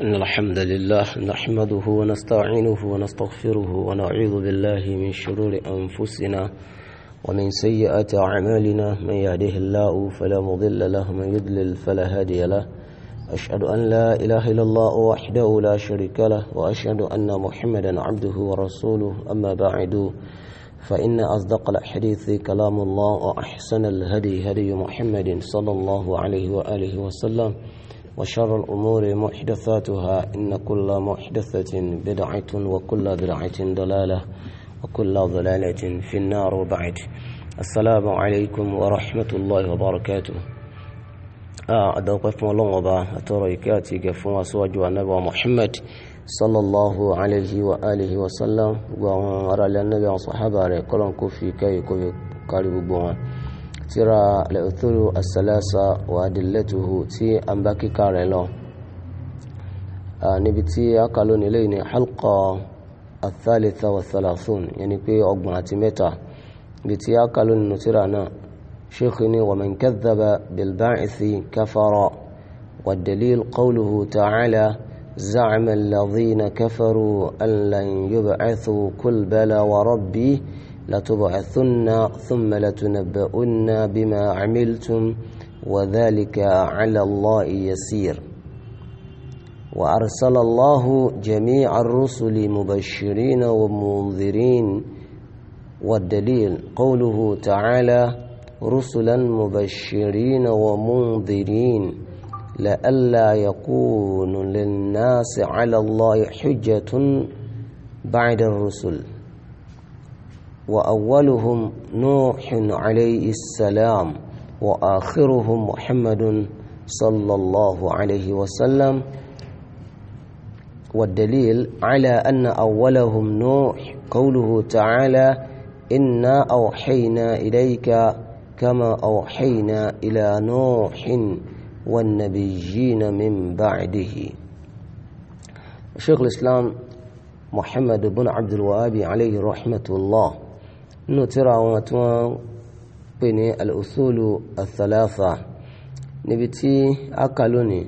إن الحمد لله نحمده ونستعينه ونستغفره ونعوذ بالله من شرور أنفسنا ومن سيئات أعمالنا من يهده الله فلا مضل له من يضلل فلا هادي له أشهد أن لا إله إلا الله وحده لا شريك له وأشهد أن محمدا عبده ورسوله أما بعد فإن أصدق الحديث كلام الله وأحسن الهدي هدي محمد صلى الله عليه وآله وسلم وشر الأمور محدثاتها إن كل محدثة بدعة وكل بدعة ضلالة وكل ضلالة في النار وبعد السلام عليكم ورحمة الله وبركاته أدوقف ملغبا أتريكاتي قفوا سواجوا النبي محمد صلى الله عليه وآله وسلم وأرى النبي وصحابه كلهم كفي كي كفي قريب بوان tíra lẹ́ọ̀tọ́rọ̀ àṣàlẹ́sà wà dìlẹ́tùhù tí a ń bá kíkà rẹ̀ lọ níbi tí a kà lónìí lẹ́yìn ní halqa athalitha wa thalathun yẹni pé ọgbọ̀n àti mẹ́ta níbi tí a kà lónìí nù tíra náà sheikh ni wa man kadhaba bilba'ithi kafara wa dalil qawluhu ta'ala za'ama alladhina kafaru an lan yub'athu kul bala wa لتبعثن ثم لتنبؤن بما عملتم وذلك على الله يسير وأرسل الله جميع الرسل مبشرين ومنذرين والدليل قوله تعالى رسلا مبشرين ومنذرين لئلا يكون للناس على الله حجة بعد الرسل وأولهم نوح عليه السلام وآخرهم محمد صلى الله عليه وسلم والدليل على أن أولهم نوح قوله تعالى إنا أوحينا إليك كما أوحينا إلى نوح والنبيين من بعده شيخ الإسلام محمد بن عبد الوهاب عليه رحمة الله nínú tíra àwọn tí wọ́n pè ní al-usulu al-thalatha níbi tí a kà lónìí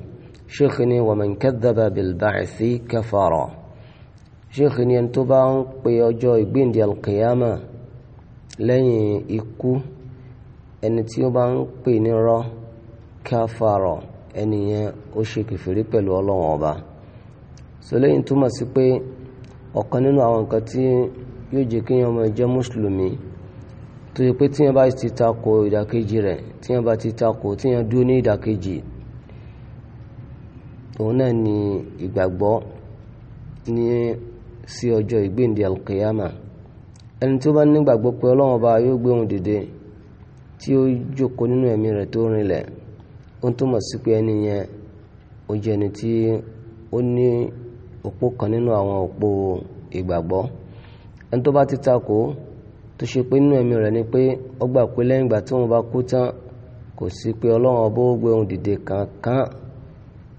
sheikh ni wa man kadhaba bil-ba'thi kafara sheikh ni ẹni tó bá ń pe ọjọ́ ìgbéǹde al-qiyama lẹ́yìn ikú ẹni tí ó bá ń pè ní rọ́ káfàrọ̀ ẹni yẹn ó ṣe kìfìrí pẹ̀lú ọlọ́wọ́n ọba so lẹ́yìn túmọ̀ sí pé ọ̀kan nínú àwọn nǹkan tí yóò jẹ́ kí yẹn ọmọ jẹ́ mùsùlùmí tó yẹ pé tí yẹn bá ti takò ìdàkejì rẹ̀ tí yẹn bá ti takò tí yẹn dúró ní ìdàkejì òun náà ni ìgbàgbọ́ ní sí ọjọ́ ìgbéǹde alkiyama ẹni tó bá nígbàgbọ́ pé ọlọ́run ọba yóò gbé òun dìde tí ó jókòó nínú ẹ̀mí rẹ̀ tó rinlẹ̀ ó ń túmọ̀ sí pé ẹni yẹn ó jẹ́ ẹni tí ó ní òpó kan nínú àwọn òpó ìgbàgbọ́. E ẹni tó bá ti takò tó ṣe pé nínú ẹ̀mí rẹ̀ ni pé ó gbà pé lẹ́yìn ìgbà tí òun bá kú tán kò sí pé ọlọ́run ọba ó gbé òun dìde kankan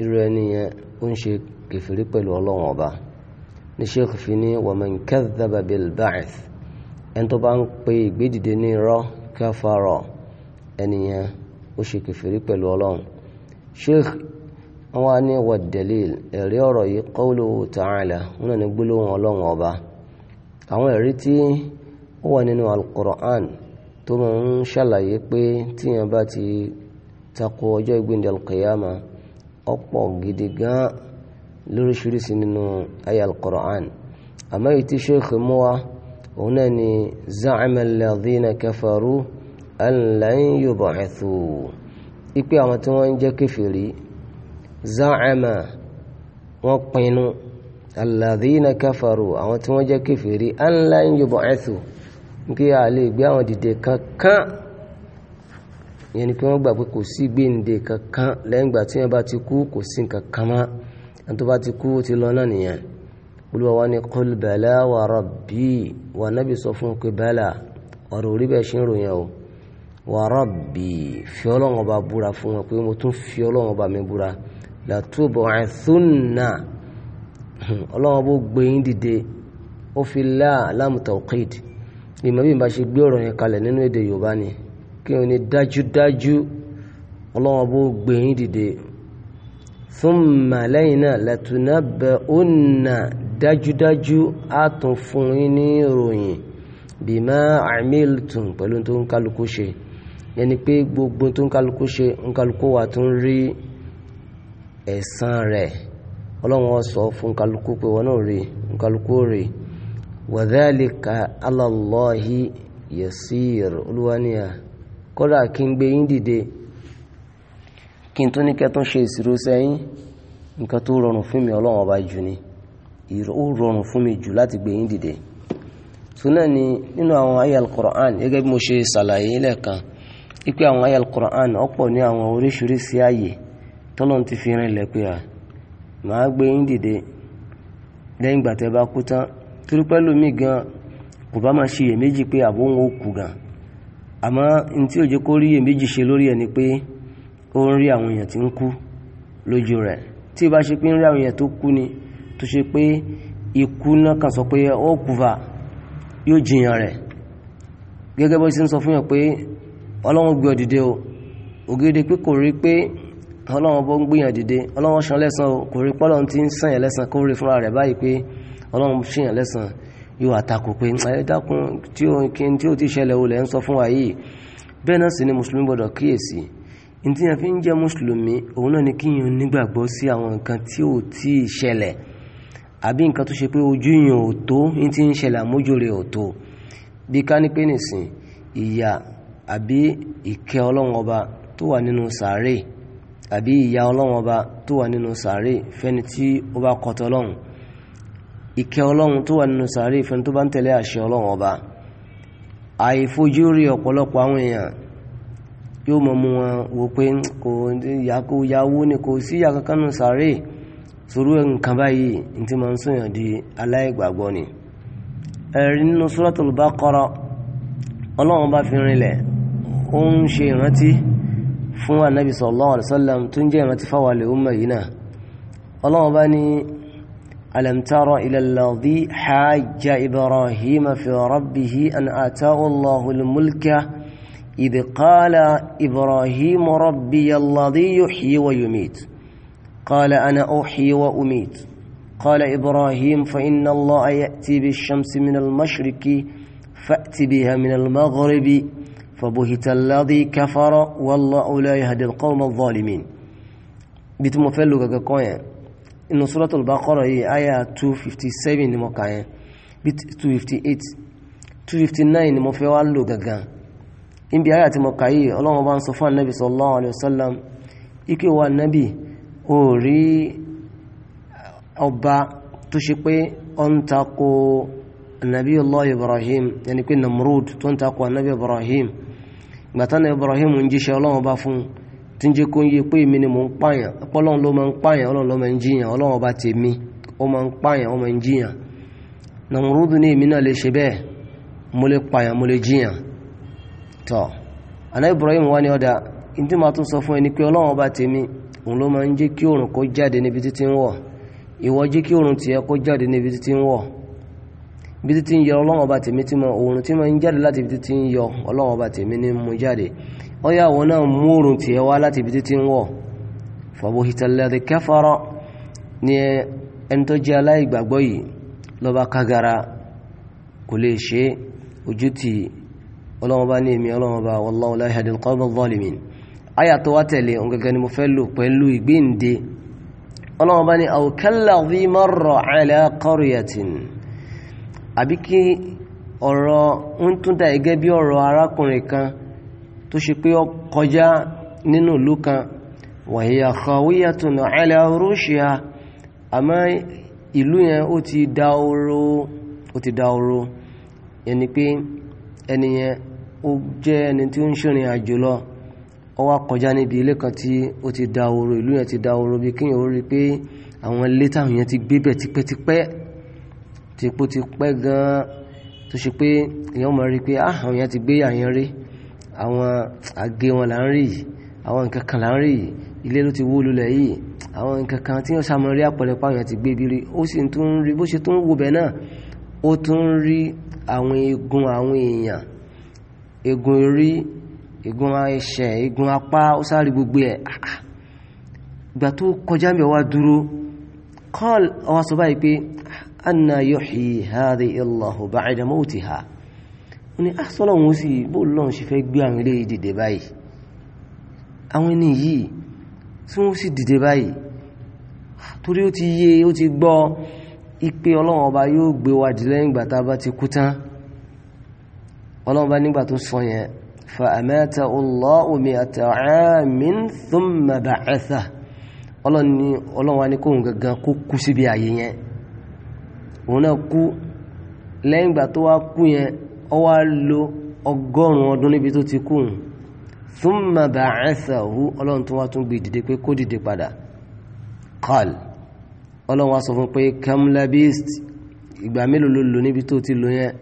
irú ẹni yẹn ó ń ṣe kẹfìrí pẹ̀lú ọlọ́run ọba ní sheikh fi ní waman kadhaba bil ba'th ẹni tó bá ń pe ìgbédìde ní irọ́ kafara ẹni yẹn ó ṣe kẹfìrí pẹ̀lú ọlọ́run sheikh wọn wá ní wad dalil ẹ̀rí ọ̀rọ̀ yìí qawluhu àwọn ẹ̀rí tí ó wà nínú alukur'an tó máa ń ṣàlàyé pé tíyan bá ti tako ọjọ́ ìgbìndé alukiyama ọ̀pọ̀ gidi gan lóríṣiríṣi nínú ayé alukur'an àmọ́ èyí tí sheikh mú wa òun náà ni za'ama alladhina kafaru an lan yub'athu ipe àwọn tí wọ́n ń jẹ́ kẹfìrí za'ama wọ́n pinnu alladhina kafaru àwọn tí wọ́n jẹ́ kèfèrí anla ń yọ̀bọ̀ ẹ̀sù kí a lè gbé àwọn dìde kankan yẹn ni kí wọ́n gbà pé kò sí gbéǹde kankan lẹ́yìn ìgbà tí wọ́n bá ti kú kò sí nǹkan kan mọ́ ẹni tó bá ti kú ó ti lọ náà nìyẹn olúwa wa ni qul bala wa rabbi wa nábì sọ fún pé bala ọ̀rọ̀ orí bẹ́ẹ̀ ṣe ń ròyìn o wa rabbi fi ọlọ́run ọba búra fún wọn pé mo tún fi ọlọ́run ọba mi búra làtúbọ̀ àìsùn náà ọlọ́wọ́n bó gbé yín dìde ó fi láà láàmù tawqid ìmọ̀ bí n bá ṣe gbé ọ̀rọ̀ yẹn kalẹ̀ nínú èdè ni kí wọ́n ní dájúdájú ọlọ́wọ́n bó gbé yín dìde lẹ́yìn náà dájúdájú á tún fún yín ní ìròyìn pẹ̀lú tó ọlọ́run sọ fún nkàlùkù pé wọn náà rè kálukú rè wàdálìkà alàlọ́hì yẹ̀sìr olúwaníyà kọ́dà kí n gbé yín kí n tó ní kẹ́tún ṣe ìṣirò sẹ́yìn nǹkan tó rọrùn fún mi ọlọ́run jù ni ó rọrùn jù láti gbé yín dìde ni nínú àwọn ayé alukur'an gẹ́gẹ́ bí mo ṣe àwọn ayé alukur'an ọ̀pọ̀ àwọn oríṣiríṣi tọ́lọ́n màá gbé yín dìde lẹ́yìn ìgbà tẹ́ bá kú tán torí pẹ́lú mi gan kò bá máa ṣe iyèméjì pé àbó ń kú gan àmọ́ n tí òjò kó rí iyèméjì ṣe lórí ẹni pé ó ń rí àwọn èèyàn tí ń kú lójú rẹ̀ tí bá ṣe pé ń rí àwọn èèyàn tó kú ni tó ṣe pé ikú náà kàn sọ pé ó kú va yóò jiyàn rẹ̀ gẹ́gẹ́ bó ṣe ń sọ fún yàn pé ọlọ́run gbé ọ o ògèdè pé kò rí pé ọlọ́run bó ń gbìyàn dìde ọlọ́run san lẹ́sàn o kò rí pọ́lọ́run ti ń sàn yẹn lẹ́sàn kó rí fúnra rẹ̀ báyìí pé ọlọ́run ṣe yẹn lẹ́sàn yóò àtakò pé ẹ dákun tí ó kí n tí ó ti ṣẹlẹ̀ o lẹ̀ ń sọ fún wa yìí bẹ́ẹ̀ náà sì ni mùsùlùmí gbọ́dọ̀ kíyèsí ní tí yẹn fi ń jẹ́ mùsùlùmí òun náà ni kí yẹn nígbàgbọ́ sí àwọn nǹkan tí ò tí ṣẹlẹ̀ àbí nǹkan tó ṣe pé ojú yẹn ò tó ní tí ń ṣẹlẹ̀ àmójú rẹ̀ ò tó bí ká ní pé nìsín ìyà àbí ìkẹ́ ọlọ́run ọba tó wà nínú sàárè àbí ìyà ọlọ́run ọba tó wà nínú sàárè fẹ́ni tí ó bá kọtọ ọlọ́run ìkẹ́ ọlọ́run tó wà nínú sàárè fẹ́ni tó bá ń tẹ̀lé àṣẹ ọlọ́run ọba àìfojúrí ọ̀pọ̀lọpọ̀ àwọn èèyàn yóò mọ̀ mú wọn wò pé kò yàwó ni kò sí yàkankan nù sàárè sòrú nǹkan báyìí ní ti máa ń sòyàn di aláìgbàgbọ́ ni ẹ̀rí nínú Suratul Baqara ọlọ́run bá fi rinlẹ̀ ó ń ṣe ìrántí fún anábì sallallahu alaihi wasallam tó ń jẹ́ ìrántí fáwọn alẹ́ ọmọ yìí náà ọlọ́wọ́n bá ní alam tara ila alladhi hajja ibrahim fi rabbih an ataahu allahu almulka idh qala ibrahim rabbiya alladhi yuhyi wa yumit qala ana uhyi wa umit قال إبراهيم فإن الله يأتي بالشمس من المشرق فأت بها من المغرب فبهت الذي كفر والله لا يهدي القوم الظالمين بتمفلو ككوين إن سورة البقرة هي آية 257 مكاين بت 258 259 مفلو ككا إن بآية مكاين الله ما صفى النبي صلى الله عليه وسلم ike wa nabi ó ọba tó ṣe pé ó ń tako anabi allah ibrahim yàní pé namrud tó ń tako anabi ibrahim gbàtánà Ibrahim ń jíṣẹ́ ọlọ́run bá fún un tí ń jẹ́ kó ń pé èmi ni mò ń pààyàn ọlọ́run ló máa ń pààyàn ọlọ́run ló máa ń jiyàn ọlọ́run ọba tèmi ó máa ń pààyàn ó máa ń jiyàn Nàmúrúdù mo lè pààyàn mo lè tọ́ àná Ibrahim wá ní ọ̀dà ìdí tún sọ fún ẹni pé ọlọ́run ọba tèmi òun ló máa ń jẹ́ kí òòrùn kó jáde níbi títí bí ti ti ń yọ ọlọ́wọ́n ọba tèmi ti mọ oòrùn tí mo ń jáde láti ibi ti ń yọ ọlọ́wọ́n ọba tèmi ní mo jáde ọyá àwọn náà mú oòrùn tiẹ̀ wá láti ibi ti ti ń wọ̀ fọwọ́hìtà lẹ́dí kẹfọ́rọ́ ní ẹni tó jẹ́ aláìgbàgbọ́ yìí lọ́ba kágara kò lè ṣe ojú ti ọlọ́wọ́n ọba ní èmi ọlọ́wọ́n ọba wallahu la yahdil qawma adh ní aw kalladhi marra ala qaryatin àbí kí ọ̀rọ̀ ń tún dà gẹ́gẹ́ bí ọ̀rọ̀ arákùnrin kan tó ṣe pé ó kọjá nínú ìlú kan wàhíyà khawiyatun ala urushiha àmọ́ ìlú yẹn ó ti da oró ó ti da oró ẹni pé ẹni yẹn ó jẹ́ ẹni tí ó ń ṣèrìn àjò lọ ó wá kọjá níbi ilé kan tí ó ti da oró ìlú yẹn ti da oró bí kíyàn ó rí pé àwọn ilé táwọn yẹn ti gbébẹ̀ tipẹ́tipẹ́ ti pó ti pẹ́ gan-an tó ṣe pé èèyàn máa rí i pé ah, àwọn èèyàn ti gbé àyàn rí àwọn àgé wọn là ń rí yìí àwọn nǹkan kan là ń rí yìí ilé ló ti wó lulẹ̀ yìí àwọn nǹkan kan tí yóò ṣàmọ rí àpẹẹrẹ pa àyàn ti gbé ibi rí ó sì tún ń rí bó ṣe tún ń wo bẹ̀ náà ó tún ń rí àwọn eegun àwọn èèyàn eegun orí eegun ẹsẹ̀ eegun apá ó sáré gbogbo ẹ̀ ah, ah. ìgbà tó kọjá mi wá dúró kọ́ọ̀lù ọwọ́ sọ báyìí pé أن yuhyi هذه الله بعد موتها. ó ní àṣọlọ́hún بقول لهم lọ́hún ṣe fẹ́ gbé àwọn ilé yìí dìde báyìí àwọn ẹni yìí tí wọ́n sì dìde báyìí torí ó ti yé ó ti gbọ́ ipe ọlọ́run ọba yóò gbé wa dìde lẹ́yìn ìgbà tá a bá ti kú tán ọlọ́run ọba nígbà tó sọ yẹn fa amata Allahu mi'ata 'amin thumma ba'atha ọlọ́run wa ní kóhun gangan kó kú síbi àyè yẹn òun náà kú lẹ́yìn ìgbà tó wá kú yẹn ó wá lo ọgọ́rùn-ún ọdún níbi tó ti kú òun thumma ba'athahu ọlọ́run tó wá tún gbé dìde pé kó dìde padà qal ọlọ́run wá sọ fún pé kam labist ìgbà mélòó ló lò níbi tó ti lò yẹn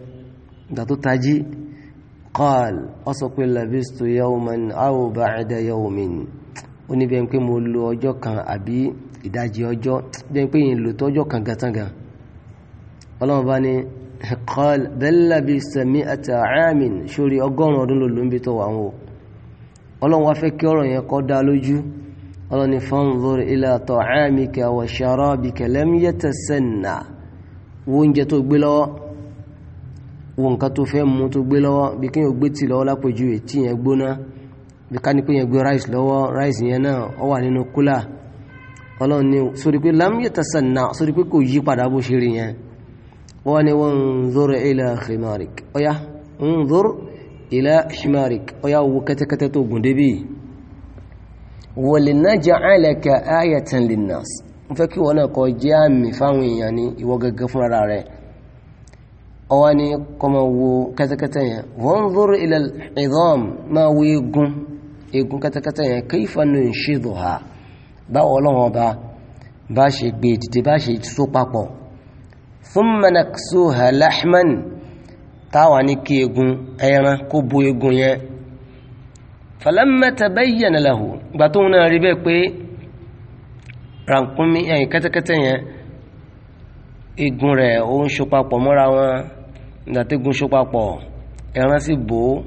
ìgbà tó tají qal ọ sọ pé labistu yawman aw ba'da yawmin ó ní bẹ́ẹ̀ pé mo lo ọjọ́ kan àbí ìdajì ọjọ́ bẹ́ẹ̀ pé yìí lò tó ọjọ́ kan gàtangàn ọlọ́run bá ní ẹ̀kọ́l bẹ́lẹ́bí sẹ̀mí àti àárín sórí ọgọ́rùn ọdún lòlú ń bí tó wà ń wò ọlọ́run wá fẹ́ kí ọ̀rọ̀ yẹn kó dá lójú ọlọ́run ní fanzur ila ta'amika wa sharabika lam yatasanna wo oúnjẹ tó gbé lọ́wọ́ wo nǹkan tó fẹ́ mu tó gbé lọ́wọ́ bí kí yẹn gbé tì lọ́wọ́ lápòjúwe tí yẹn gbóná bí ká ní pé yẹn gbé ráìsì lọ́wọ́ ráìsì yẹn náà ó wà nínú kúlà ọlọ́run ní sórí pé lam yatasanna sórí pé kò yí padà bó ṣe rí yẹn wọ́n ni wanzur ila khimarik ọya wanzur ila khimarik ọya wo kẹ́tẹ́kẹ́tẹ́ tó gùn débì walinaj'alaka ayatan linnas n fẹ́ kí wọ́n náà kọ jẹ́ àmì fáwọn èèyàn ní ìwọ gẹ́gẹ́ fún ara rẹ̀ ọwá ní kọmọ wo kẹ́tẹ́kẹ́tẹ́ yẹn ọlọ́wọ́ bá bá ṣe gbé e dìde bá ṣe so papọ̀ thumma naksuha lahman táwa ní kí egun ẹran kó bo egun yẹn falamma tabayyana lahu gbà tó ń náà rí bẹ́ẹ̀ pé rànkúnmí ẹ̀yìn kẹ́tẹ́kẹ́tẹ́ yẹn egun rẹ̀ ó ń so papọ̀ mọ́ra wọn ìdàtẹ́gun so papọ̀ ẹran sì bò ó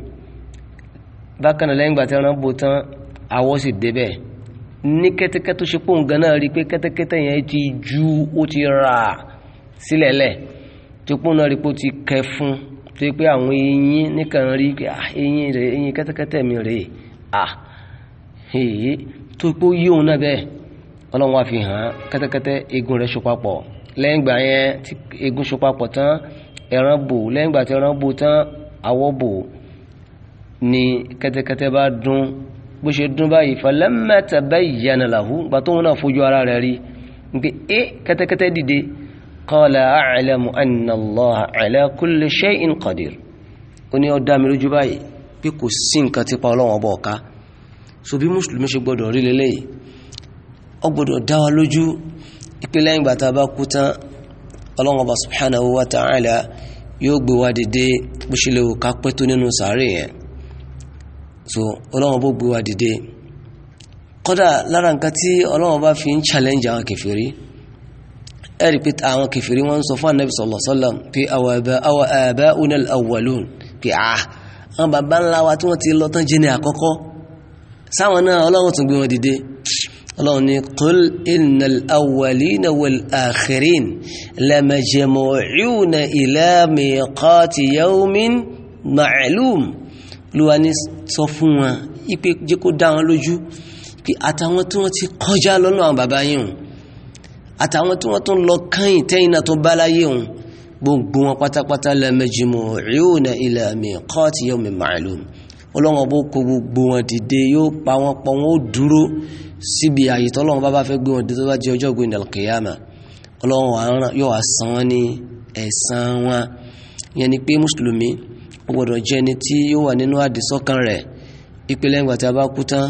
bákan náà lẹ́yìn ìgbà tí ẹran bò tán awọ sì débẹ̀ ní kẹ́tẹ́kẹ́tẹ́ tó ṣe pòǹgàn náà rí pé kẹ́tẹ́kẹ́tẹ́ yẹn ti ju ó ti rà á sílẹ̀ lẹ̀ tó pọ́n náà rí pé ó ti kẹ fún tó yẹ pé àwọn eyín nìkan rí ah, eyín rẹ̀ eyín kẹ́tẹ́kẹ́tẹ́ mi rè à ah, èyí tó pé ó yí òun náà bẹ́ẹ̀ ọlọ́run wá fi hàn án kẹ́tẹ́kẹ́tẹ́ eegun rẹ̀ ṣopapọ̀ lẹ́yìn ìgbà yẹn tí eegun ṣopapọ̀ tán ẹran bò lẹ́yìn ìgbà tí ẹran bò tán awọ́ bò ni kẹ́tẹ́kẹ́tẹ́ bá dún bó ṣe dún báyìí falamma tabayyana lahu gbà tóun náà fojú ara rẹ̀ rí nígbà ẹ eh, kẹ́tẹ́kẹ́tẹ́ dìde قال أعلم أن الله على كل شيء قدير ó ní ó dá mi lójú báyìí pé kò sí nǹkan tí pa Ọlọ́run ọba ọ̀ka so bí mùsùlùmí ṣe gbọ́dọ̀ rí lélẹ́yìí ó gbọ́dọ̀ dá wa lójú ìpè lẹ́yìn ìgbà tá a bá kú tán Ọlọ́run ọba subhanahu wa ta'ala yóò gbé wa dìde bó ṣe lè wò ká pẹ́ tó nínú sàárè yẹn so Ọlọ́run ọba gbé wa dìde kódà lára nǹkan tí Ọlọ́run ọba fi ń challenge àwọn kèfèrí ẹ̀rí pé àwọn kẹfìrí wọn ń sọ fún anabi sallallahu alaihi wasallam pé àwọn aba'una al-awwalun pé à ah, àwọn bàbá ńlá wa tí wọ́n ti lọ tán jẹ́ ní àkọ́kọ́ sáwọn náà ọlọ́run tún gbé wọn dìde ọlọ́run ni qul innal awwalina wal akhirin lamajmu'una ila miqati yawmin ma'lum lùwà ní sọ fún wọn ipe jẹ́ dá wọn lójú pé àtàwọn tí wọ́n ti kọjá lọ́nà àwọn bàbá yìí àtàwọn tí wọ́n tún lọ kẹ́yìn tẹ́yìn náà tó bá láyé òun gbogbo wọn pátápátá la majmu'una ila miqati yawmin ma'lum ọlọ́wọ́n bó kó gbogbo wọn dìde yóò pa wọn pọ̀ wọn ó dúró síbi àyè tọ́lọ́wọ́n bá bá fẹ́ gbé wọn dé tó bá jẹ́ ọjọ́ ìgbìn al-qiyama ọlọ́wọ́n yóò wá san wọn ní ẹ̀san wọn ìyẹn ni pé mùsùlùmí ó gbọ́dọ̀ jẹ́ ẹni tí yóò wà nínú àdìsọ́kàn rẹ̀ ìpínlẹ̀ ìgbà tí a bá kú tán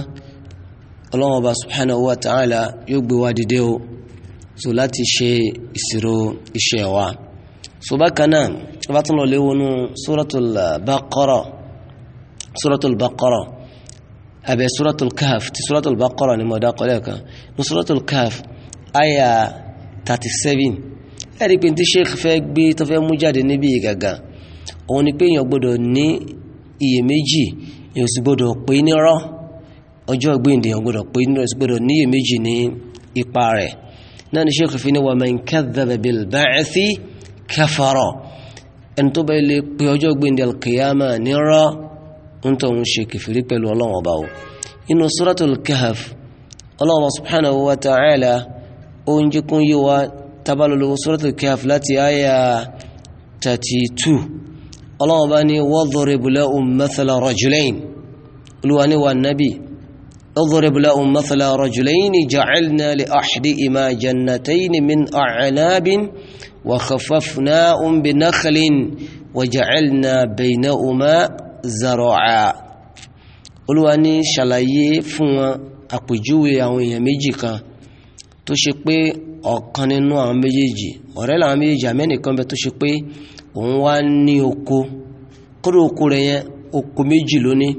ọlọ́wọ́n bá subhanahu wa ta'ala yóò gbé wa dìde o so láti ṣe ìṣirò iṣẹ́ wa so bákan náà wọ́n bá tún lọ léwonú suratul baqara suratul baqara abẹ suratul kahf ti suratul baqara ni mo dá kọ́ lẹ́ẹ̀kan ní suratul kahf aya thirty seven ẹ̀rí pé tí sheikh fẹ́ gbé tó fẹ́ mú jáde níbi ìgàgà òun ni pé èèyàn gbọ́dọ̀ ní iyèméjì èèyàn sì gbọ́dọ̀ pé nírọ́ ọjọ́ ìgbéǹde èèyàn gbọ́dọ̀ pé nírọ́ sì gbọ́dọ̀ ní iyèméjì ní ipa rẹ̀ náà ni sheikh fi ni wa man kadhaba bil ba'thi kafara ẹni tó bá ilé pé ọjọ́ gbẹ̀ndẹ̀ alkiyama nírọ́ ń tó ń ṣe kẹfìrí pẹ̀lú ọlọ́run ọba o inú suratul kahf ọlọ́run subhanahu wa ta'ala ó ń jẹ́ kún yí suratul kahf láti àyà 32 ọlọ́run ọba ni wadhrib lahum mathala rajulayn olúwa ni wà اضرب لهم مثلا رجلين جعلنا لأحدهما جنتين من أعناب وخففناهم بنخل وجعلنا بينهما زرعا Olúwa ní ṣàlàyé fún wọn àpèjúwe àwọn èèyàn méjì kan tó ṣe pé ọ̀kan nínú àwọn méjèèjì ọ̀rẹ́ làwọn méjèèjì àmẹ́nìkan bẹ tó ṣe pé òun wá ní oko kódò oko rẹ̀ yẹn oko méjì lónìí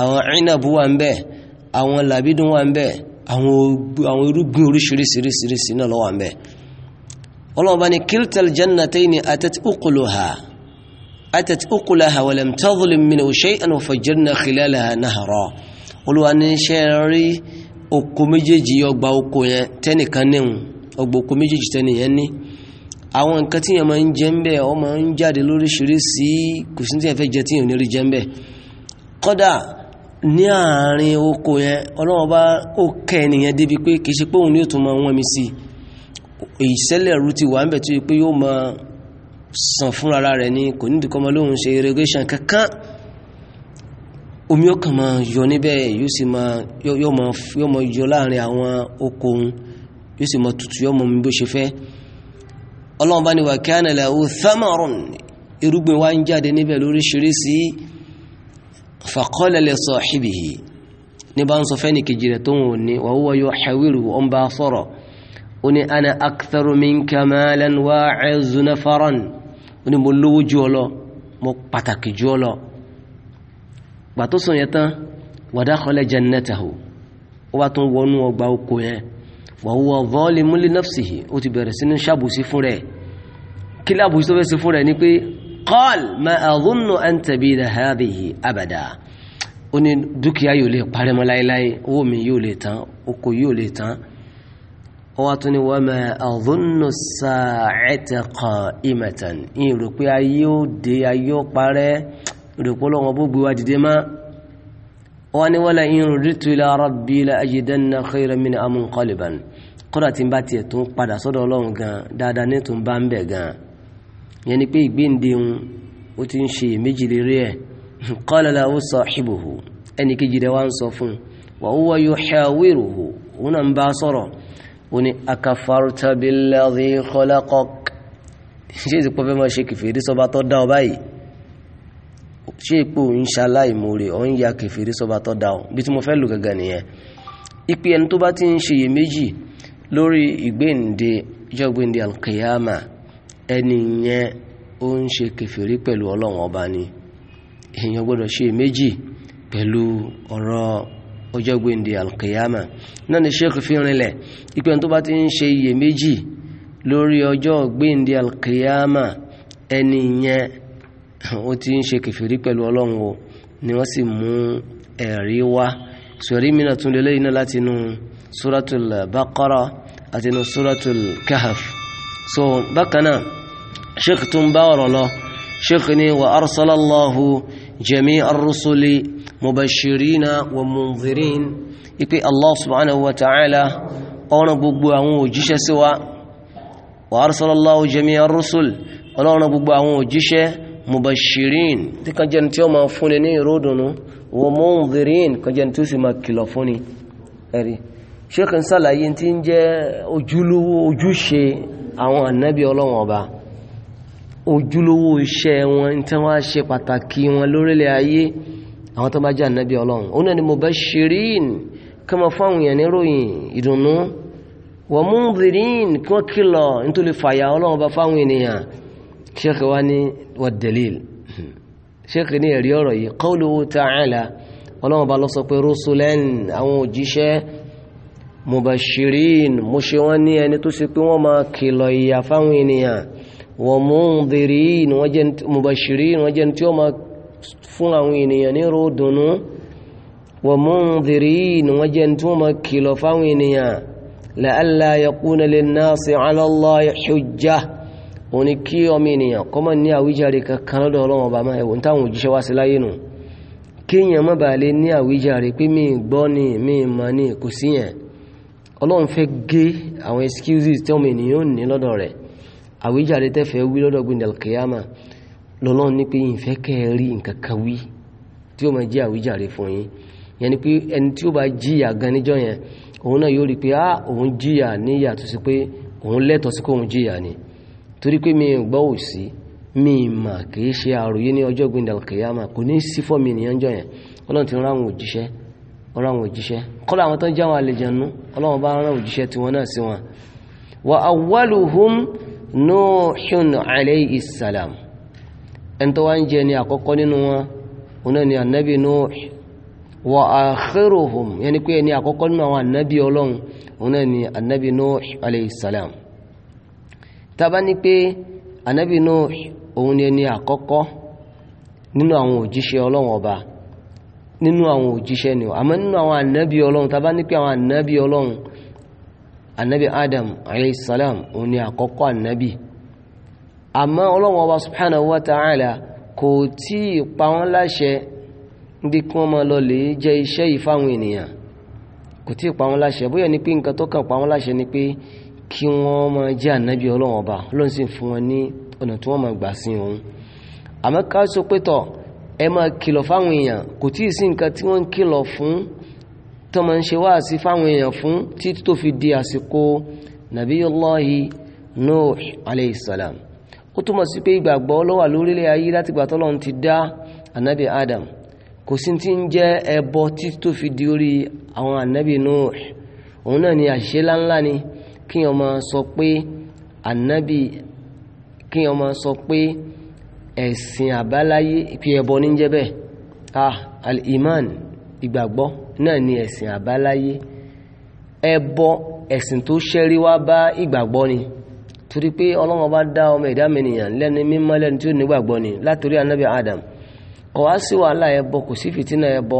àwọn ìnàbù wà ń bẹ́ẹ̀ àwọn làbídùn wà ń bẹ àwọn irúgbìn oríṣiríṣiríṣiríṣi náà ló wà ń bẹ ọlọ́ọ̀bá ni kiltal jannatayni atat ukuluha atat ukulaha walam tadhlim minhu shay'an wa fajjarna khilalaha nahra olúwa ní iṣẹ́ rí oko méjèèjì ọgbà oko yẹn tẹ́nìkan níhun ọgbà oko méjèèjì tẹ́nìyẹn ní àwọn nǹkan tí yẹn máa ń jẹ ń bẹ ọ ń jáde lóríṣiríṣi kò fẹ́ jẹ tí ní rí jẹ ń bẹ kódà ní àárín oko yẹn ọlọ́wọ́ bá ó kẹ́ ènìyàn débi pé kìí ṣe pé òun ní ó tún wọn mi sí ìṣẹ́lẹ̀ rú ti wà ń pé yóò ma sàn rẹ̀ ni kò nídìí kọ́mọ lóhun ṣe irrigation kankan omi ó kàn máa yọ níbẹ̀ yóò sì yóò ma yọ àwọn oko òun yóò sì tutù yóò mi bó ṣe fẹ́ ọlọ́wọ́ bá ní faqala li sahibihi ní bá ń sọ fẹ́ni kejì rẹ̀ tó ń wò ní wa huwa yuhawiruhu ó ń bá sọ̀rọ̀ ó ní ana aktharu minka malan wa a'izzu nafaran ó ní mo lówó jù ọ lọ mo pàtàkì jù ọ lọ gbàtó sọ yẹn tán wa dakhala jannatahu ó wá tún wọnú ọgbà oko yẹn wa huwa zalimun li nafsihi ó ti bẹ̀rẹ̀ sí ṣàbùsí fún rẹ̀ kí tó fẹ́ sí fún rẹ̀ ni pé قال ما أظن أن تبيد هذه أبدا ó ní dúkìá yóò lè parẹ́ mọ́ láéláé owó mi yóò lè tán oko yóò lè tán ó wá tún ní wa ma adhunnu as-sa'ata qa'imatan ìyẹn rò pé ayé ó dé ayé ó parẹ́ rò pé ọlọ́wọ́n bó gbé wá dìde má wala in rudditu ila rabbi la ajidanna khayran minha munqaliban kódà tí n bá tiẹ̀ tó ń padà sọ́dọ̀ gan dáadáa ní tó ń bá ń gan yẹn ni pé ìgbéǹde ń ó ti ń ṣe méjì lérí ẹ̀ qala lahu sahibuhu ẹnì kejì rẹ̀ wá ń sọ fún un wa huwa yuhawiruhu òun náà ń bá sọ̀rọ̀ ó ní akafarta billadhi khalaqak ṣé ìsìnkú fẹ́ máa ṣe kìfèrí sọba tó dá ọ báyìí ṣé ipò ń ṣaláì mòrè ya kìfèrí sọba tó dá ọ bí tí mo fẹ́ lò gàgà nìyẹn ipe ẹni tó bá ti ń ṣiyèméjì lórí ìgbéǹde ìjọgbéǹde alkiyama ẹni yẹn ó ń ṣe kẹfìrí pẹ̀lú ọlọ́run ọba ni èèyàn gbọ́dọ̀ ṣe méjì pẹ̀lú ọ̀rọ̀ ọjọ́ alkiyama náà ni fi rinlẹ̀ ìpẹ́ tó bá ti ń ṣe méjì lórí ọjọ́ gbèǹde alkiyama ẹni yẹn ó ti ń ṣe kẹfìrí pẹ̀lú ni wọ́n sì mú ẹ̀rí wá sọ̀rí mìíràn tún láti inú so bákan sheikh tún bá ọ̀rọ̀ lọ sheikh ni wa arsalallahu jami arusuli mubashirina wa munzirin ipe allah subhanahu wa ta'ala ọ̀rọ̀ gbogbo àwọn òjíṣẹ́ sí wa wa arsalallahu jami arusul ọlọ́run gbogbo àwọn òjíṣẹ́ mubashirin tí kan jẹni tí ó máa fúnni ní ìròdùnú wa munzirin kan jẹni tí ó sì máa kìlọ̀ fúnni ẹ̀rí sheikh ń sàlàyé tí ń jẹ́ ojúlówó ojúṣe àwọn ànábì ọlọ́run ọba ojúlówó iṣẹ́ wọn tí wọ́n á ṣe pàtàkì wọn lórílẹ̀ ayé àwọn tó bá jẹ́ ànábì ọlọ́run òun náà ni mubashirin kí wọ́n fún àwọn èèyàn níròyìn ìdùnnú wa mundhirin kí wọ́n kìlọ̀ nítorí fàyà ọlọ́run bá fáwọn ènìyàn sheikh wa ni wa dalil sheikh ni ẹ̀rí ọ̀rọ̀ yìí qawluhu ta'ala ọlọ́run bá lọ sọ pé rusulan àwọn òjíṣẹ́ mubashirin mo ṣe wọ́n ní ẹni tó ṣe pé wọ́n máa kìlọ̀ ìyà fáwọn ènìyàn wa mundirin wọ́n jẹ́ mubashirin wọ́n jẹ́ tí ó ma fún àwọn ènìyàn ní ròdùnú wa mundirin wọ́n jẹ́ tí ó ma kìlọ̀ fáwọn ènìyàn la'alla yakuna linnasi ala Allahi hujja òun ni kí ọmọ ènìyàn kọ́mọ̀ ní àwíjàre kankan lọ́dọ̀ Ọlọ́run Ọba máa ẹ̀wọ̀n táwọn òjíṣẹ́ wá sí láyé nù kéèyàn má bàa lè ní àwíjàre pé mi gbọ́ ni mi mọ̀ ni kò sí yẹn Ọlọ́run fẹ́ gé àwọn excuses tí ọmọ ènìyàn ò ní lọ́dọ̀ rẹ̀ àwíjàre tẹ́fẹ́ wí lọ́dọ̀ gbìndà kìyàmà lọ́lọ́run ní pé ìfẹ́ kẹrí nǹkan kan wí tí ó máa jí àwíjàre fún yín yẹn ni pé ẹni tí ó bá jíyà gan níjọ́ yẹn òun náà yóò rí pé á òun jíyà pé òun sí òun ni pé mi mi mà ní ọjọ́ kò ní mi yẹn ọlọ́run ti rán àwọn òjíṣẹ́ ọlọ́run òjíṣẹ́ kọ́lá àwọn tó ń jẹ́ àwọn ọlọ́run bá rán òjíṣẹ́ tiwọn náà sí wọn nuuxun alayhi salam ẹni tó wá ń jẹ ní àkọ́kọ́ nínú wọn ọ̀nà ni ànábì nuux wa akhiruhum yẹni pé ẹni àkọ́kọ́ nínú àwọn ànábì ọlọ́run ọ̀nà ni ànábì nuux alayhi salam tàbá ní pé ànábì nuux òun ni ẹni àkọ́kọ́ nínú àwọn òjíṣẹ́ ọlọ́run ọba nínú àwọn òjíṣẹ́ ni àmọ́ nínú àwọn ànábì ọlọ́run tàbá ní pé àwọn ànábì ọlọ́run anabi adam aleyhisselam òun ni àkọ́kọ́ anabi àmọ́ ọlọ́wọ́n ọba subhanahu wa ta'ala kò tí ì pa wọ́n láṣẹ ndí kí wọ́n máa lọ lè jẹ́ iṣẹ́ yìí fáwọn ènìyàn kò tí ì pa wọ́n láṣẹ bóyá ni pé nǹkan tó kàn pa wọ́n láṣẹ ni pé kí wọ́n máa jẹ́ ànábì ọlọ́wọ́n ọba ọlọ́run sì fún wọn ní ọ̀nà tí wọ́n máa gbà sí òun àmọ́ ká sọ pé tọ̀ ẹ máa kìlọ̀ fáwọn èèyàn kò tí ì sí nǹkan tí wọ́n ń kìlọ̀ tó máa ń ṣe wáàsí fáwọn èèyàn fún títí tó fi di àsìkò nàbíyọ́lọ́hì Nuh alayhi salam ó túmọ̀ sí pé ìgbàgbọ́ ló wà lórílẹ̀ ayé láti gbà tọ́lọ́run ti dá ànábì Adam kò sí ti ń jẹ́ ẹbọ títí tó fi di orí àwọn ànábì Nuh òun náà ni àṣìṣe láńlá ni kí wọ́n máa sọ pé ànábì kí wọ́n máa sọ pé ẹ̀sìn àbáláyé ìpìyẹ̀bọ ní jẹ́ bẹ́ẹ̀ ah al-iman ìgbàgbọ́ náà ni ẹ̀sìn àbáláyé ẹbọ ẹ̀sìn tó ṣẹ́rí wá bá ìgbàgbọ́ ni torí pé ọlọ́run ọba dá ọmọ ẹ̀dá mẹ́nìyàn lẹ́ni mímọ́ lẹ́ni tí ó nígbàgbọ́ ni látòrí anábì adam kò wá sí wàhálà ẹbọ kò sí fìtínà ẹbọ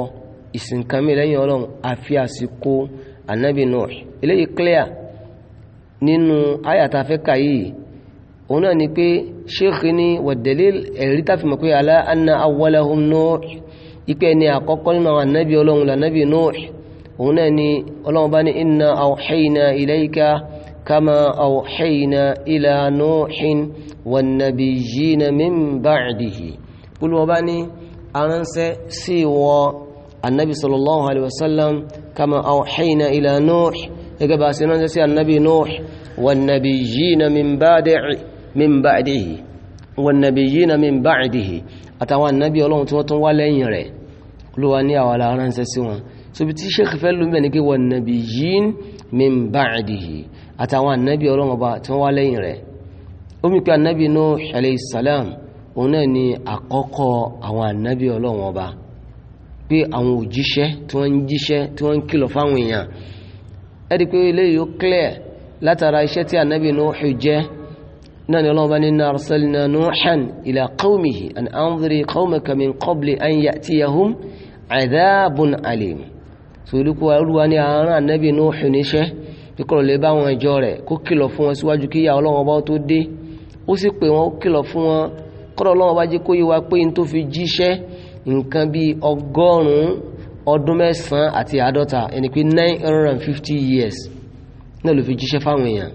ìsìnkàmí lẹ́yìn ọlọ́run àfi àsìkò anábì Nuh eléyìí clear nínú ayàtàfẹ́kà yìí òun náà ni pé sheikh ni wàdẹ́lẹ́ ẹ̀rí tàfimọ̀ pé alá anna awwalahum ikú ẹni àkọ́kọ́ nínú àwọn ànábì ọlọ́run lànábì Nuh òun náà ni ọlọ́run bá ní inna awhayna ilayka kama awhayna ila Nuhin wan nabiyyina min ba'dihi olùwọ́ bá ní aránṣẹ́ sí ìwọ ànábì sallallahu alayhi wa sallam kama awhayna ila Nuh gẹ́gẹ́ bá sí ránṣẹ́ sí ànábì Nuh wan nabiyyina min ba'dihi wan nabiyyina min ba'dihi àtàwọn ànábì ọlọ́run tí wọ́n tún wá lẹ́yìn rẹ̀ ló wá ní àwọn aránṣẹ́ sí wọn sobi tí sheikh fẹ́ lómi ẹni pé wan nabiyyin min ba'dihi àtàwọn ànábì ọlọ́run ọba tí wọ́n wá lẹ́yìn rẹ̀ omi pé ànábì Nuh alayhi salam òun náà ni àkọ́kọ́ àwọn ànábì ọlọ́run ọba pé àwọn òjíṣẹ́ tí wọ́n ń jíṣẹ́ tí wọ́n ń kìlọ̀ fáwọn èèyàn ẹ̀ rí i pé eléyìí ó clear látara iṣẹ́ tí ànábì Nuh jẹ́ náà ni ọlọ́run bá ní inna arsalna nuhan ila qawmihi an anziri qawmaka min qabli an ya'tiyahum adhabun alim sòlùkù olúwa ní àárín ànábì Nuhu níṣẹ́ kíkọ̀rọ̀ lè bá wọn ìjọ rẹ̀ kó kìlọ̀ fún wọn síwájú kí ìyà ọlọ́run ọba tó dé ó sì pè wọn ó kìlọ̀ fún wọn kọ́rọ̀ ọlọ́run ọba jẹ́ kó yé wa pé n tó fi jíṣẹ́ nǹkan bíi ọgọ́rùn-ún ọdún mẹ́sàn-án àti àádọ́ta ẹni pé nine hundred and fifty years náà ló fi jíṣẹ́ fáwọn èèyàn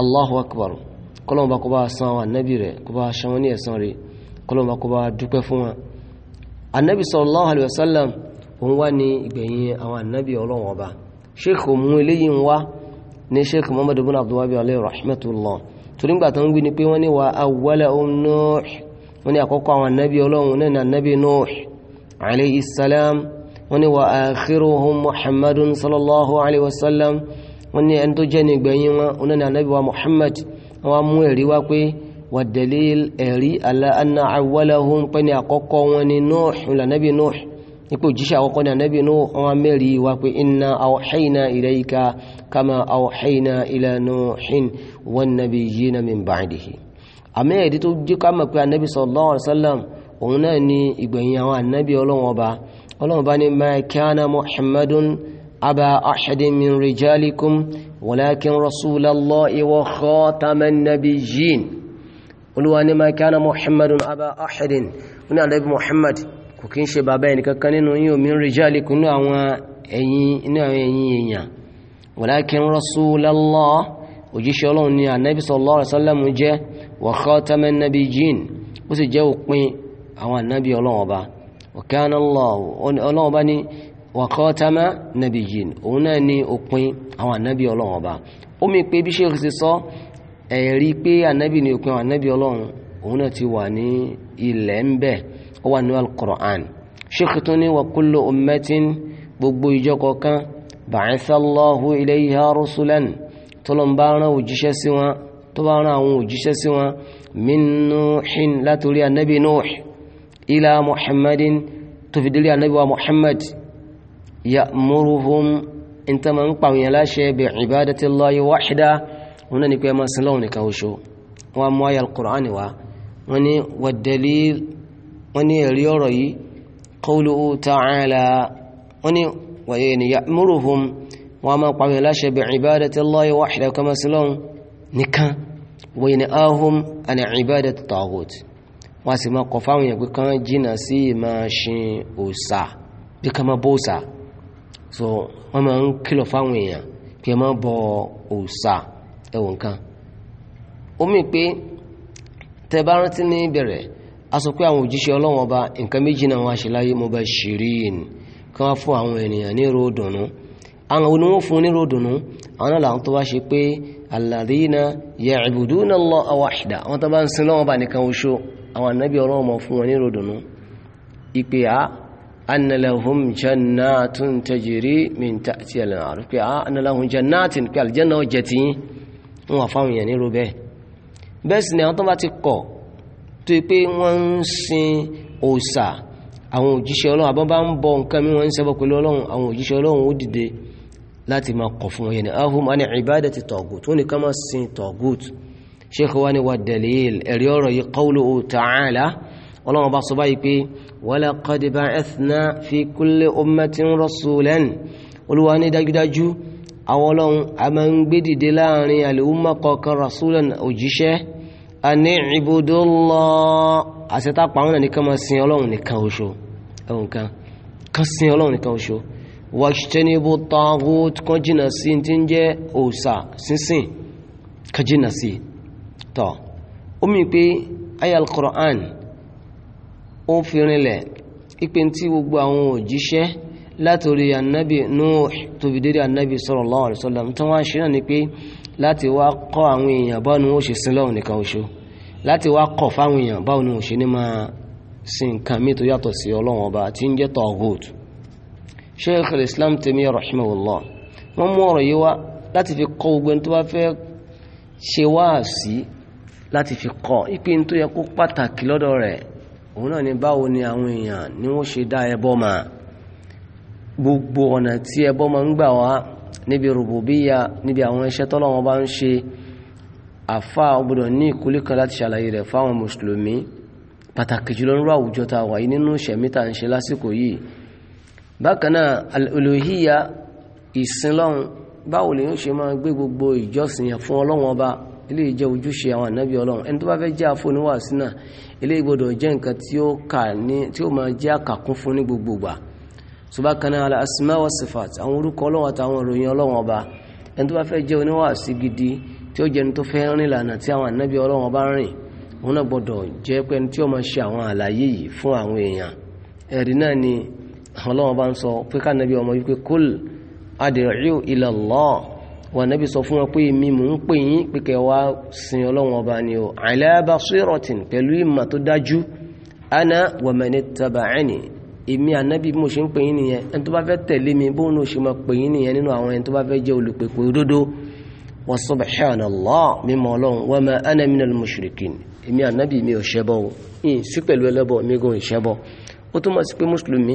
Allahu Akbar kọ́lọ́mọba kó bá san àwọn ànábì rẹ̀ kó bá san wọn ní ẹ̀san rẹ̀ kọ́lọ́mọba kó bá dúpẹ́ fún wọn. ànábì sallallahu alayhi wa sallam òun wá ní ìgbẹ̀yìn àwọn ànábì ọlọ́wọ́n ọba sheikh omu eléyìí ń wá ní sheikh muhammadu bin abdullahi alayhi rahmatullah torí ń gbà tó ń wí ni pé wọ́n ní wa awwalahum Nuh wọ́n ní àkọ́kọ́ àwọn ànábì ọlọ́wọ́n náà ní ànábì Nuh alayhi salam wọ́n ní wa akhiruhum muhammadun sallallahu alayhi wa sallam wọ́n ní ẹni tó jẹ́ ní ìgbẹ̀yìn wọn onáni ànábì wa muhammad wọ́n mú ẹ̀rí wá pé wà dalil ẹ̀rí ala anna awwalahum pé ní àkọ́kọ́ wọn ni Nuh lànàbí Nuh ipò jíṣẹ́ àkọ́kọ́ ní ànàbí Nuh wọ́n mẹ́rí wá pé inna awhayna ilayka kama awhayna ila Nuhin wan nabiyyina min ba'dihi àmì ẹ̀rí tó jẹ́ ká mọ̀ pé ànàbí sallallahu alaihi wasallam ولكن رسول الله وخاتم النبيين olúwa ní máa kana muhammadun aba ahadin ní alẹ́bí muhammad kò kí ń ṣe bàbá ẹni kankan nínú yíò min rijalikum ní àwọn ẹ̀yìn inú àwọn ẹ̀yìn èèyàn walakin rasulallah òjíṣẹ́ ọlọ́run ní anabi sallallahu alaihi wasallam jẹ́ wa khataman nabijin ó sì jẹ́ òpin àwọn anabi ọlọ́run ọba wa kana allah ọlọ́run ọba ní wa khatama nabiyyin òun náà ní òpin àwọn ànábì ọlọ́run ọba ó mi pé bí sheikh ṣe sọ ẹ̀rí pé ànábì ní òpin àwọn ànábì ọlọ́run òun náà ti wà ní ilẹ̀ ń bẹ̀ ó wà ní al-Qur'an sheikh ní wa kullu gbogbo ìjọ kọ̀ọ̀kan ba'athallahu ilayha rusulan tọ́lọ́mbà rán òjíṣẹ́ sí wọn tó àwọn òjíṣẹ́ sí wọn min Nuhin látòrí ànábì Nuh ila Muhammadin tó fi wa Muhammad ya'muruhum in ta ma ń pa àwọn yẹn láṣẹ bi ibadati Allahi wahda wọn náà ni pé ẹ máa sin lọ́wọ́ nìkan oṣù wọn mú ayé al-Qur'an wa wọn ni wa dalil wọn ni ẹ̀rí ọ̀rọ̀ yìí qawluhu ta'ala wọn ni wàyẹ̀ ni ya'muruhum wọn máa pa àwọn yẹn láṣẹ bi ibadati Allahi wahda kọ́ máa sin nìkan wọ́n ni ahum àni ibadati taghut wọ́n sì máa kọ̀ fáwọn yẹn pé kán jìnnà sí ìmáa ṣin òòsà bí kán máa so wọn máa ń kìlọ̀ fáwọn èèyàn kí ẹ má bọ òòṣà ẹ̀wọ̀n kan omi pé tẹ bá rántí ní a pé àwọn òjíṣẹ́ ọlọ́wọ́n ọba nǹkan méjì náà kí fún àwọn ènìyàn ní dùnú àwọn oníwọ́n fún ní dùnú àwọn náà làwọn tó bá ṣe pé àwọn tó bá ń sin lọ́wọ́n ọba nìkan oṣù àwọn anna lahum jannatun tajri min ta'tiha al-anhar pé ah anna lahum jannatin pé aljanna ó jẹ́ tiyín wọn àfáwọn èèyàn nírú bẹ́ẹ̀ bẹ́ẹ̀ sì ni àwọn tó bá ti kọ̀ tó yẹ pé wọ́n ń sin òòṣà àwọn òjíṣẹ́ ọlọ́run àbọ̀ bá ń bọ nǹkan mi wọ́n ń ṣẹbọ pẹ̀lú ọlọ́run àwọn òjíṣẹ́ ọlọ́run ó dìde láti máa kọ̀ fún wọn ahum ani ibadati taghut wọn ni sin taghut sheikh wa wa dalil ẹ̀rí ọ̀rọ̀ yìí qawluhu ta'ala ọlọ́run bá sọ báyìí pé walaqad ba'athna fi kulli ummatin rasulan olúwa ní dájúdájú àwọn ọlọ́run a máa ń gbé dìde láàrin àlèhùnmá kọ̀ọ̀kan rasulan òjíṣẹ́ ani ibudullah àṣetá pàwọn náà nìkan máa sin ọlọ́run nìkan oṣù ẹ̀wọ̀n kan kan sin ọlọ́run nìkan oṣù wàṣítẹ́nibó taghut kan jìnà sí ti ń jẹ́ òòṣà sínsìn kan jìnà sí tọ́ ó mì pé ayal Qur'an ó fi rinlẹ̀ ipe tí gbogbo àwọn òjíṣẹ́ látòrí anabi nuh tóbi dédé anabi sallallahu alaihi wasallam tí wọ́n á ṣe náà ni pé láti wá kọ́ àwọn èèyàn báwo ni wọ́n ṣe sin lọ́wọ́ nìkan oṣù láti wá kọ́ fáwọn èèyàn báwo ni wọ́n ṣe ní máa sin nǹkan mi tó yàtọ̀ sí ọlọ́wọ́n ọba tí ń jẹ́ tọ́gùt sheikh islam Taymiyya rahimahullah wọ́n mú ọ̀rọ̀ yìí wá láti fi kọ́ gbogbo ẹni tó bá fẹ́ ṣe wáàsí láti fi kọ́ ìpín tó yẹ kó pàtàkì lọ́dọ̀ rẹ̀ òun náà ni báwo ni àwọn èèyàn ni wọ́n ṣe dá ẹbọ mà gbogbo ọ̀nà tí ẹbọ máa ń gbà wá níbi rògbòbíyà níbi àwọn iṣẹ́ tọ́lọ́wọ́n bá ń ṣe àfa gbọ́dọ̀ ní ìkólé kan láti ṣàlàyé rẹ̀ fáwọn mùsùlùmí pàtàkì jùlọ nínú àwùjọ tá wà yìí nínú ìṣẹ̀mí tá ń ṣe lásìkò yìí bákan náà al-uluhiyya ìsìn lọ́hùn báwo ṣe máa gbé gbogbo ìjọsìn yẹn fún Ọlọ́hun Ọba ilé jẹ́ ojúṣe àwọn ànábì ọlọ́run ẹni tó bá fẹ́ jẹ́ afọ́niwàásí náà ilé gbọ́dọ̀ jẹ́ nǹkan tí ó kà ní tí ó máa jẹ́ àkàkún fún ní gbogbo ìgbà ṣùgbọ́n kan náà alasima wa sifat àwọn orúkọ ọlọ́run àtàwọn ìròyìn ọlọ́run ọba ẹni tó bá fẹ́ jẹ́ oníwàásí gidi tí ó jẹ́ ẹni tó fẹ́ rìn lànà tí àwọn ànábì ọlọ́run ọba rìn òun náà gbọ́dọ̀ jẹ́ pé ẹni tí ó máa ṣe àwọn àlàyé yìí fún àwọn èèyàn ẹ̀rí náà ni ọlọ́run ọba ń sọ pé ká ọmọ yìí pé kúl adìrẹ́ ìlà wọn nàbí sọ fún wọn pé èmi mò ń pè yín pé kẹ́ wá sin ọlọ́run ọba ni o ala basiratin pẹ̀lú ìmọ̀ tó dájú ana wa mani taba'ani èmi ànábì mo ṣe ń pè yín nìyẹn ẹni tó bá fẹ́ tẹ̀lé mi bóun ló ṣe máa pè yín nìyẹn nínú àwọn ẹni tó bá fẹ́ jẹ́ olùpèpè òdodo wa subhanallah mímọ́ ọlọ́run wa ma ana minal mushrikin èmi ànábì mi ò ṣẹbọ o ìyìn pẹ̀lú ẹlẹ́bọ mi gan ìṣẹbọ ó túmọ̀ sí pé mùsùlùmí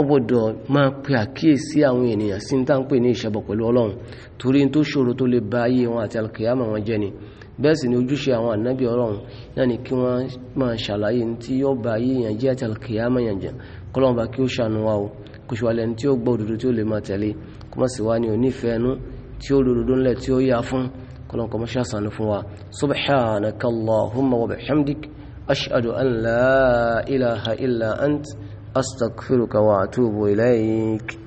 ọgbọ́dọ̀ máa pe àkíyèsí àwọn ènìyàn sí ń tánpè ní ìṣẹ́bọ pẹ̀lú ọlọ́run torí tó ṣòro tó lè ba ayé wọn àti alkiyama wọn jẹ́ ni bẹ́ẹ̀ sì ni ojúṣe àwọn ànábì ọlọ́run náà ni kí wọ́n máa ṣàlàyé tí yóò ba ayé yàn jẹ́ àti alkiyama yàn jẹ́ kọ́lọ́run bá kí ó ṣàánú wa o kò ṣe wà lẹ́ni tí ó gbọ́ òdodo tí ó lè máa tẹ̀lé kó má sì wá ní onífẹ̀ẹ́ nú tí ó lòdòdó ńlẹ̀ tí ó yá fún kọ́lọ́run kọ́ mọ́ ṣàṣàánú fún wa subhanakallahumma wa bihamdik ashhadu an la ilaha illa ant أستغفرك وأتوب إليك